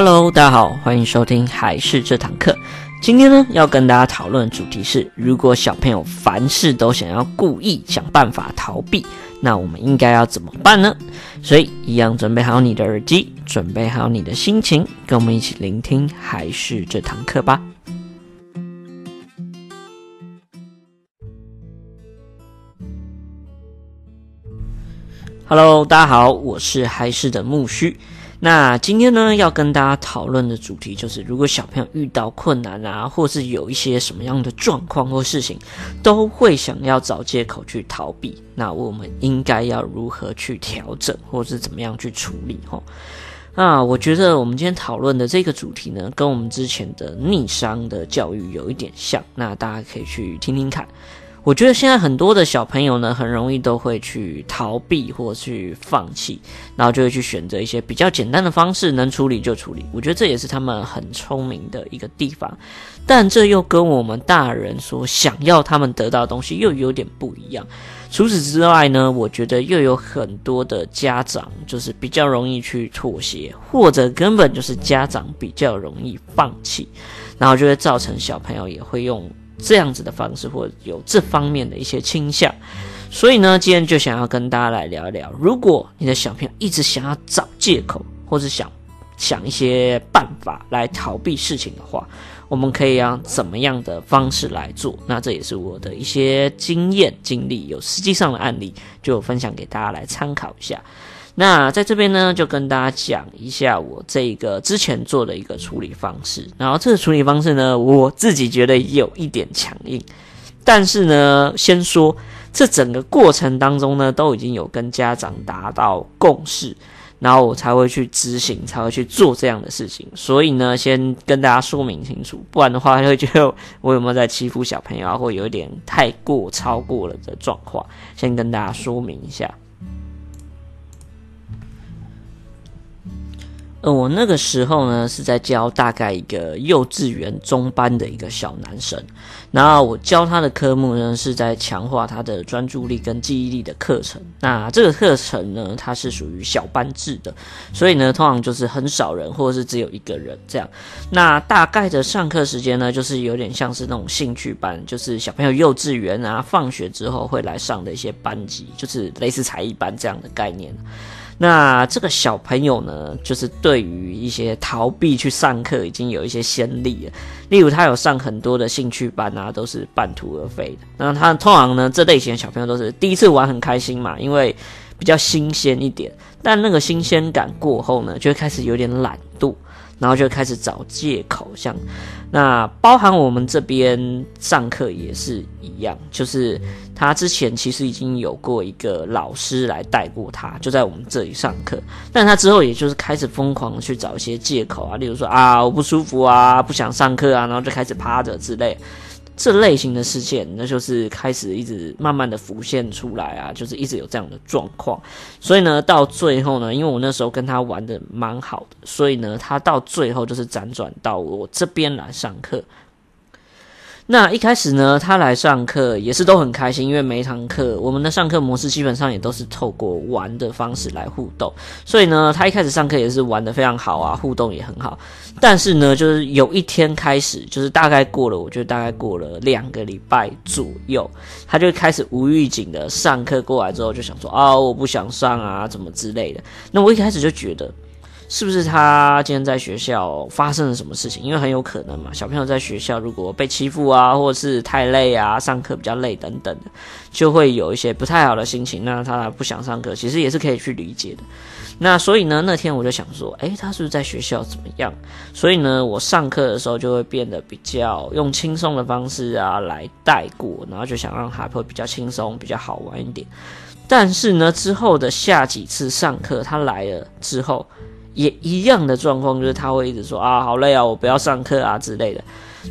Hello，大家好，歡迎收聽還是這堂課。今天呢，要跟大家討論的主題是：如果小朋友凡事都想要故意想辦法逃避，那我們應該要怎麼辦呢？所以，一樣準備好你的耳機，準備好你的心情，跟我們一起聆聽還是這堂課吧。Hello，大家好，我是還是的木須。那今天呢，要跟大家討論的主題就是，如果小朋友遇到困難啊，或是有一些什麼樣的狀況或事情，都會想要找借口去逃避。那我們應該要如何去調整，或是怎麼樣去處理？齁，那我覺得我們今天討論的這個主題呢，跟我們之前的逆商的教育有一點像。那大家可以去聽聽看。我覺得現在很多的小朋友呢，很容易都會去逃避或去放棄，然後就會去選擇一些比較簡單的方式，能處理就處理。我覺得這也是他們很聰明的一個地方，但這又跟我們大人所想要他們得到的東西又有點不一樣。除此之外呢，我覺得又有很多的家長就是比較容易去妥協，或者根本就是家長比較容易放棄，然後就會造成小朋友也會用。這樣子的方式，或有這方面的一些傾向，所以呢，今天就想要跟大家來聊一聊，如果你的小朋友一直想要找借口，或是想想一些辦法來逃避事情的話，我們可以要怎麼樣的方式來做？那這也是我的一些經驗經歷，有實際上的案例，就分享給大家來參考一下。那在這邊呢，就跟大家講一下我這個之前做的一個處理方式。然後這個處理方式呢，我自己覺得也有一點強硬，但是呢，先說這整個過程當中呢，都已經有跟家長達到共識，然後我才會去執行，才會去做這樣的事情。所以呢，先跟大家說明清楚，不然的話就會覺得我有沒有在欺負小朋友，或有一點太過超過了的狀況，先跟大家說明一下。呃，我那個時候呢，是在教大概一個幼稚園中班的一個小男生，然後我教他的科目呢，是在強化他的專注力跟記憶力的課程。那這個課程呢，它是屬於小班制的，所以呢，通常就是很少人，或者是只有一個人這樣。那大概的上課時間呢，就是有點像是那種興趣班，就是小朋友幼稚園啊放學之後會來上的一些班級，就是類似才藝班這樣的概念。那這個小朋友呢，就是對於一些逃避去上課已經有一些先例了，例如他有上很多的興趣班啊，都是半途而廢的。那他通常呢，這類型的小朋友都是第一次玩很開心嘛，因為比較新鮮一點，但那個新鮮感過後呢，就會開始有點懶惰。然後就開始找借口，像那包含我們這邊上課也是一樣，就是他之前其實已經有過一個老師來帶過他，就在我們這裡上課，但他之後也就是開始瘋狂去找一些借口啊，例如說啊我不舒服啊，不想上課啊，然後就開始趴着之類。這類型的事件，那就是開始一直慢慢的浮現出來啊，就是一直有這樣的狀況，所以呢，到最後呢，因為我那時候跟他玩的蠻好的，所以呢，他到最後就是輾轉到我這邊來上課。那一開始呢，他來上課也是都很開心，因為每一堂課我們的上課模式基本上也都是透過玩的方式來互動，所以呢，他一開始上課也是玩得非常好啊，互動也很好。但是呢，就是有一天開始，就是大概過了，我覺得大概過了兩個禮拜左右，他就開始無預警的上課過來之後，就想說啊、哦，我不想上啊，怎麼之類的。那我一開始就覺得。是不是他今天在學校發生了什麼事情？因為很有可能嘛，小朋友在學校如果被欺負啊，或者是太累啊，上課比較累等等的，就會有一些不太好的心情。那他不想上課，其實也是可以去理解的。那所以呢，那天我就想說，誒，他是不是在學校怎麼樣？所以呢，我上課的時候就會變得比較用輕鬆的方式啊來帶過，然後就想讓他會比較輕鬆，比較好玩一點。但是呢，之後的下幾次上課，他來了之後，也一樣的狀況，就是他會一直說啊，好累啊，我不要上課啊之類的。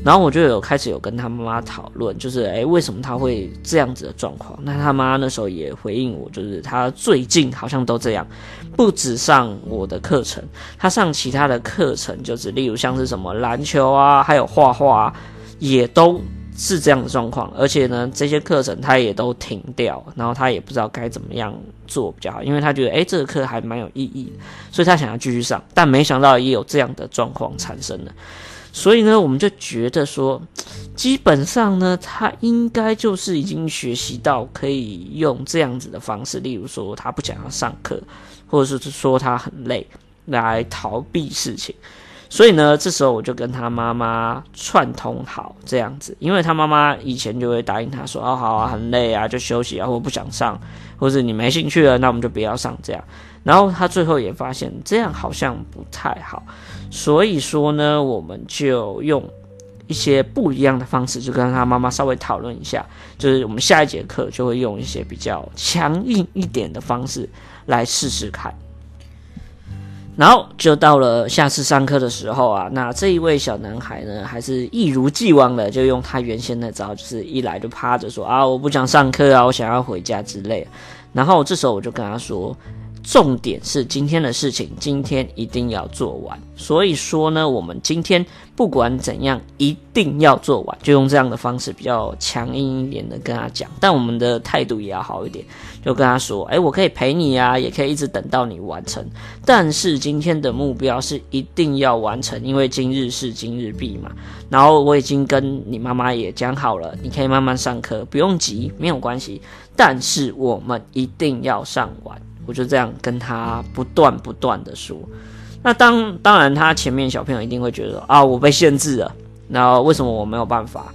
然後我就有開始有跟他媽媽討論，就是誒、欸，為什麼他會這樣子的狀況？那他媽那時候也回應我，就是他最近好像都這樣，不只上我的課程，他上其他的課程，就是例如像是什麼籃球啊，還有畫畫啊，也都。是這樣的狀況，而且呢，這些課程他也都停掉，然後他也不知道該怎麼樣做比較好，因為他覺得，誒，這個課還蠻有意義，所以他想要繼續上，但沒想到也有這樣的狀況產生了，所以呢，我們就覺得說，基本上呢，他應該就是已經學習到可以用這樣子的方式，例如說他不想要上課，或者是說他很累，來逃避事情。所以呢，這時候我就跟他媽媽串通好這樣子，因為他媽媽以前就會答應他說：“哦，好啊，很累啊，就休息啊，或不想上，或者你沒興趣了，那我們就不要上這樣。”然後他最後也發現這樣好像不太好，所以說呢，我們就用一些不一樣的方式，就跟他媽媽稍微討論一下，就是我們下一節課就會用一些比較強硬一點的方式來試試看。然後就到了下次上課的時候啊，那這一位小男孩呢，還是一如既往的就用他原先的招，就是一來就趴着說啊，我不想上課啊，我想要回家之類。然後這時候我就跟他說。重點是今天的事情，今天一定要做完。所以說呢，我們今天不管怎樣，一定要做完。就用這樣的方式比較強硬一點的跟他講，但我們的態度也要好一點，就跟他說：“哎、欸，我可以陪你啊，也可以一直等到你完成。但是今天的目標是一定要完成，因為今日事今日畢嘛。然後我已經跟你媽媽也講好了，你可以慢慢上課，不用急，沒有關係。但是我們一定要上完。”我就這樣跟他不斷不斷的說，那當當然他前面小朋友一定會覺得啊，我被限制了，那為什麼我沒有辦法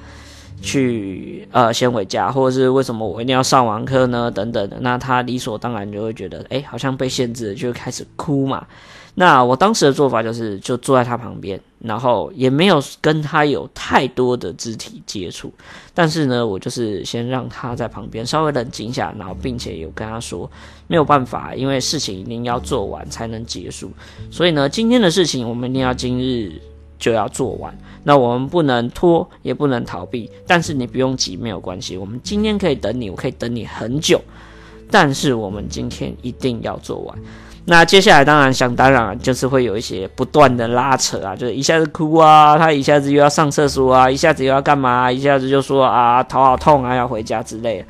去呃，先回家，或者是為什麼我一定要上完課呢？等等的，那他理所當然就會覺得，哎，好像被限制了，就開始哭嘛。那我當時的做法就是，就坐在他旁邊，然後也沒有跟他有太多的肢體接觸，但是呢，我就是先讓他在旁邊稍微冷靜一下，然後並且有跟他說，沒有辦法，因為事情一定要做完才能結束，所以呢，今天的事情我們一定要今日就要做完，那我們不能拖，也不能逃避，但是你不用急，沒有關係，我們今天可以等你，我可以等你很久，但是我們今天一定要做完。那接下來當然想當然就是會有一些不斷的拉扯啊，就是一下子哭啊，他一下子又要上廁所啊，一下子又要幹嘛啊，一下子就說啊，頭好痛啊，要回家之類的。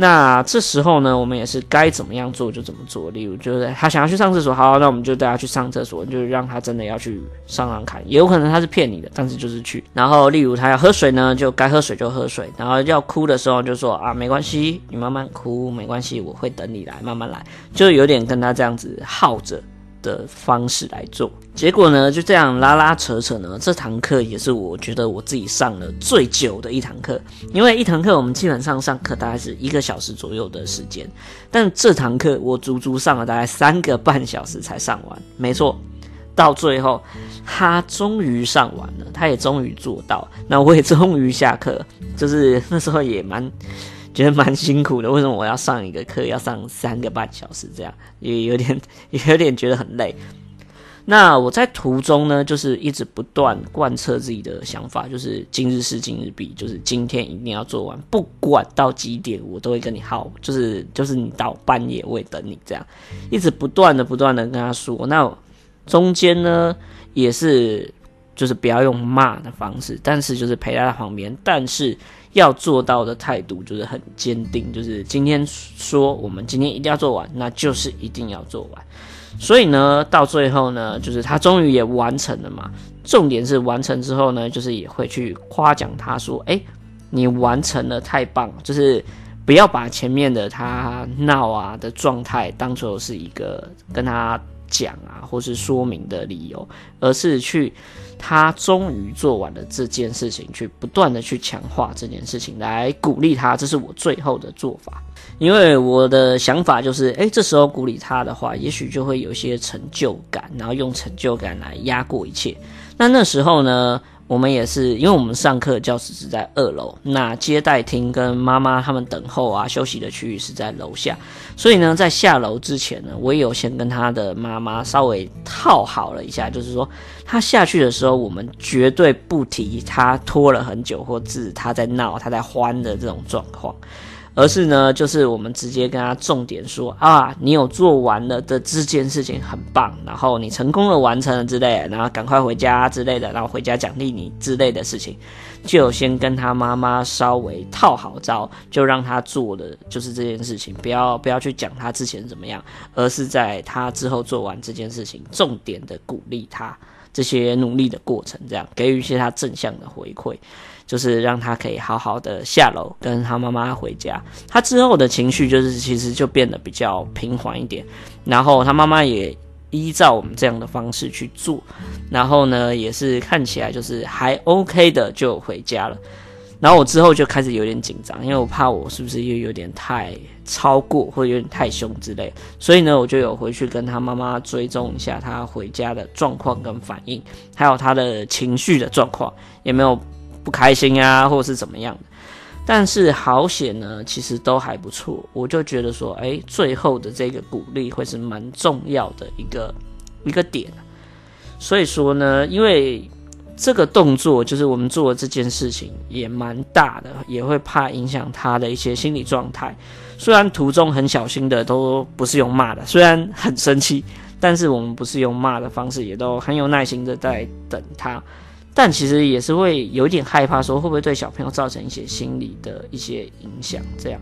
那這時候呢，我們也是該怎麼樣做就怎麼做。例如，就是他想要去上廁所，好啊，那我們就帶他去上廁所，就讓他真的要去上上看。也有可能他是騙你的，但是就是去。然後，例如他要喝水呢，就該喝水就喝水。然後要哭的時候，就說啊，沒關係，你慢慢哭，沒關係，我會等你來，慢慢來，就有點跟他這樣子耗着。的方式來做，結果呢，就這樣拉拉扯扯呢。這堂課也是我覺得我自己上了最久的一堂課，因為一堂課我們基本上上課大概是一個小時左右的時間，但這堂課我足足上了大概三個半小時才上完。沒錯，到最後他終於上完了，他也終於做到，那我也終於下課，就是那時候也蠻。覺得蠻辛苦的，為什麼我要上一個課要上三個半小時這樣，也有點也有點覺得很累。那我在途中呢，就是一直不斷貫徹自己的想法，就是今日事今日畢，就是今天一定要做完，不管到幾點，我都會跟你耗，就是就是你到半夜我也等你這樣，一直不斷的不斷的跟他說。那中間呢，也是就是不要用罵的方式，但是就是陪在他旁邊，但是。要做到的態度就是很堅定，就是今天說我們今天一定要做完，那就是一定要做完。所以呢，到最後呢，就是他終於也完成了嘛。重點是完成之後呢，就是也會去誇獎他說：“誒、欸，你完成了，太棒！”就是不要把前面的他鬧啊的狀態當作是一個跟他。講啊，或是說明的理由，而是去他終於做完了這件事情，去不斷的去強化這件事情，來鼓勵他。這是我最後的做法，因為我的想法就是，哎，這時候鼓勵他的話，也許就會有一些成就感，然後用成就感來壓過一切。那那時候呢，我們也是，因為我們上課的教室是在二樓，那接待廳跟媽媽他們等候啊休息的區域是在樓下，所以呢，在下樓之前呢，我也有先跟他的媽媽稍微套好了一下，就是說他下去的時候，我們絕對不提他拖了很久或是他在鬧、他在歡的這種狀況。而是呢，就是我們直接跟他重點說啊，你有做完了的這件事情很棒，然後你成功的完成了之類，然後趕快回家之類的，然後回家獎勵你之類的事情，就先跟他媽媽稍微套好招，就讓他做的就是這件事情，不要不要去講他之前怎麼樣，而是在他之後做完這件事情，重點的鼓勵他這些努力的過程，這樣給予一些他正向的回饋。就是讓他可以好好的下樓跟他媽媽回家，他之後的情緒就是其實就變得比較平緩一點，然後他媽媽也依照我們這樣的方式去做，然後呢也是看起來就是還 OK 的就回家了，然後我之後就開始有點緊張，因為我怕我是不是又有點太超過或有點太凶之類，所以呢我就有回去跟他媽媽追蹤一下他回家的狀況跟反應，還有他的情緒的狀況也沒有。不開心啊，或者是怎麼樣的，但是好險呢，其實都還不錯。我就覺得說，哎、欸，最後的這個鼓勵會是蠻重要的一個一個點，啊。所以說呢，因為這個動作就是我們做的這件事情也蠻大的，也會怕影響他的一些心理狀態。雖然途中很小心的，都不是用罵的，雖然很生氣，但是我們不是用罵的方式，也都很有耐心的在等他。但其實也是會有一點害怕，說，會不會對小朋友造成一些心理的一些影響，這樣，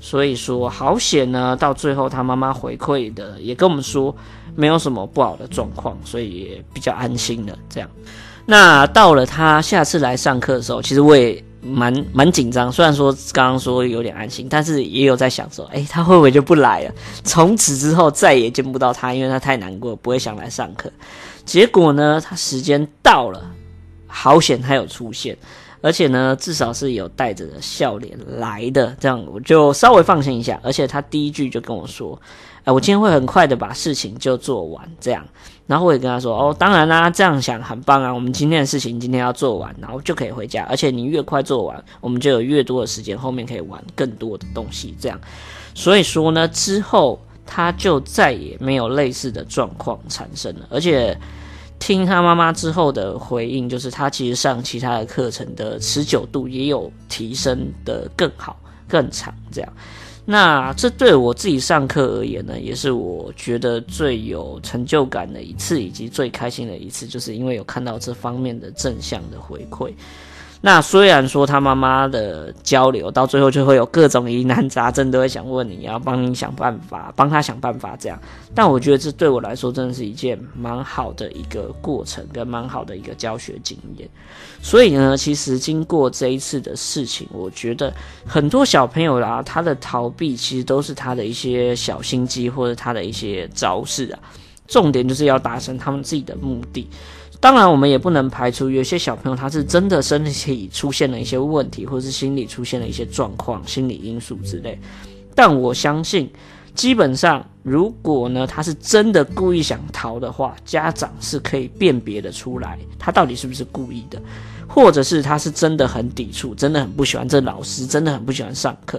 所以說好險呢，到最後他媽媽回饋的也跟我們說，沒有什麼不好的狀況，所以也比較安心了。這樣，那到了他下次來上課的時候，其實我也蠻蠻緊張，雖然說剛剛說有點安心，但是也有在想說，欸，他會不會就不來了？從此之後再也見不到他，因為他太難過，不會想來上課。結果呢，他時間到了。好險他有出現，而且呢，至少是有帶着笑臉來的，這樣我就稍微放心一下。而且他第一句就跟我說：“哎，我今天會很快的把事情就做完。”這樣，然後我也跟他說：“哦，當然啦，這樣想很棒啊，我們今天的事情今天要做完，然後就可以回家。而且你越快做完，我們就有越多的時間後面可以玩更多的東西。”這樣，所以說呢，之後他就再也沒有類似的狀況產生了，而且。聽他媽媽之後的回應，就是他其實上其他的課程的持久度也有提升得更好、更長這樣。那這對我自己上課而言呢，也是我覺得最有成就感的一次，以及最開心的一次，就是因為有看到這方面的正向的回饋。那雖然說他媽媽的交流到最後就會有各種疑難雜症，都會想問你要幫你想辦法，幫他想辦法這樣。但我覺得這對我來說真的是一件蠻好的一個過程，跟蠻好的一個教學經驗。所以呢，其實經過這一次的事情，我覺得很多小朋友啦、啊，他的逃避其實都是他的一些小心機，或者他的一些招式啊，重點就是要達成他們自己的目的。當然，我們也不能排除有些小朋友他是真的身體出現了一些問題，或是心理出現了一些狀況、心理因素之類。但我相信。基本上，如果呢，他是真的故意想逃的話，家長是可以辨別的出來，他到底是不是故意的，或者是他是真的很抵觸，真的很不喜歡這老師，真的很不喜歡上課。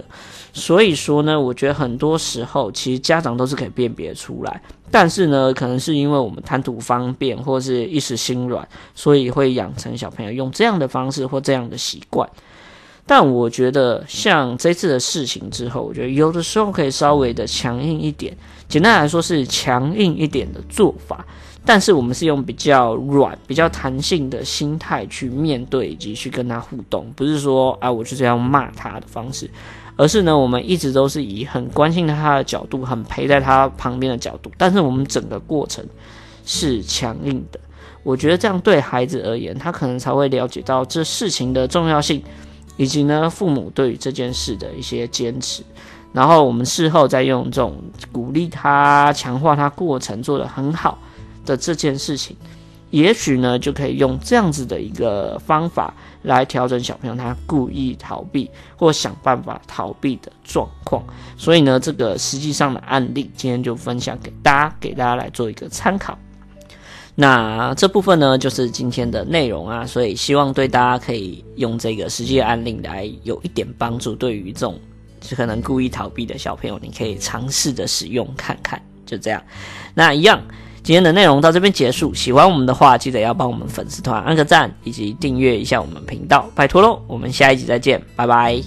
所以說呢，我覺得很多時候其實家長都是可以辨別出來，但是呢，可能是因為我們貪圖方便或是一時心軟，所以會養成小朋友用這樣的方式或這樣的習慣。但我覺得，像這次的事情之後，我覺得有的時候可以稍微的強硬一點。簡單來說，是強硬一點的做法。但是我們是用比較軟、比較彈性的心態去面對以及去跟他互動，不是說啊，我就這樣罵他的方式，而是呢，我們一直都是以很關心他的角度，很陪在他旁邊的角度。但是我們整個過程是強硬的。我覺得這樣對孩子而言，他可能才會了解到這事情的重要性。以及呢，父母對於這件事的一些堅持，然後我們事後再用這種鼓勵他、強化他過程做得很好的這件事情，也許呢，就可以用這樣子的一個方法來調整小朋友他故意逃避或想辦法逃避的狀況。所以呢，這個實際上的案例今天就分享給大家，給大家來做一個參考。那這部分呢，就是今天的內容啊，所以希望對大家可以用這個實際案例來有一點幫助。對於這種可能故意逃避的小朋友，你可以嘗試着使用看看，就這樣。那一樣，今天的內容到這邊結束。喜歡我們的話，記得要幫我們粉絲團按個讚，以及訂閱一下我們頻道，拜託嘍。我們下一集再見，拜拜。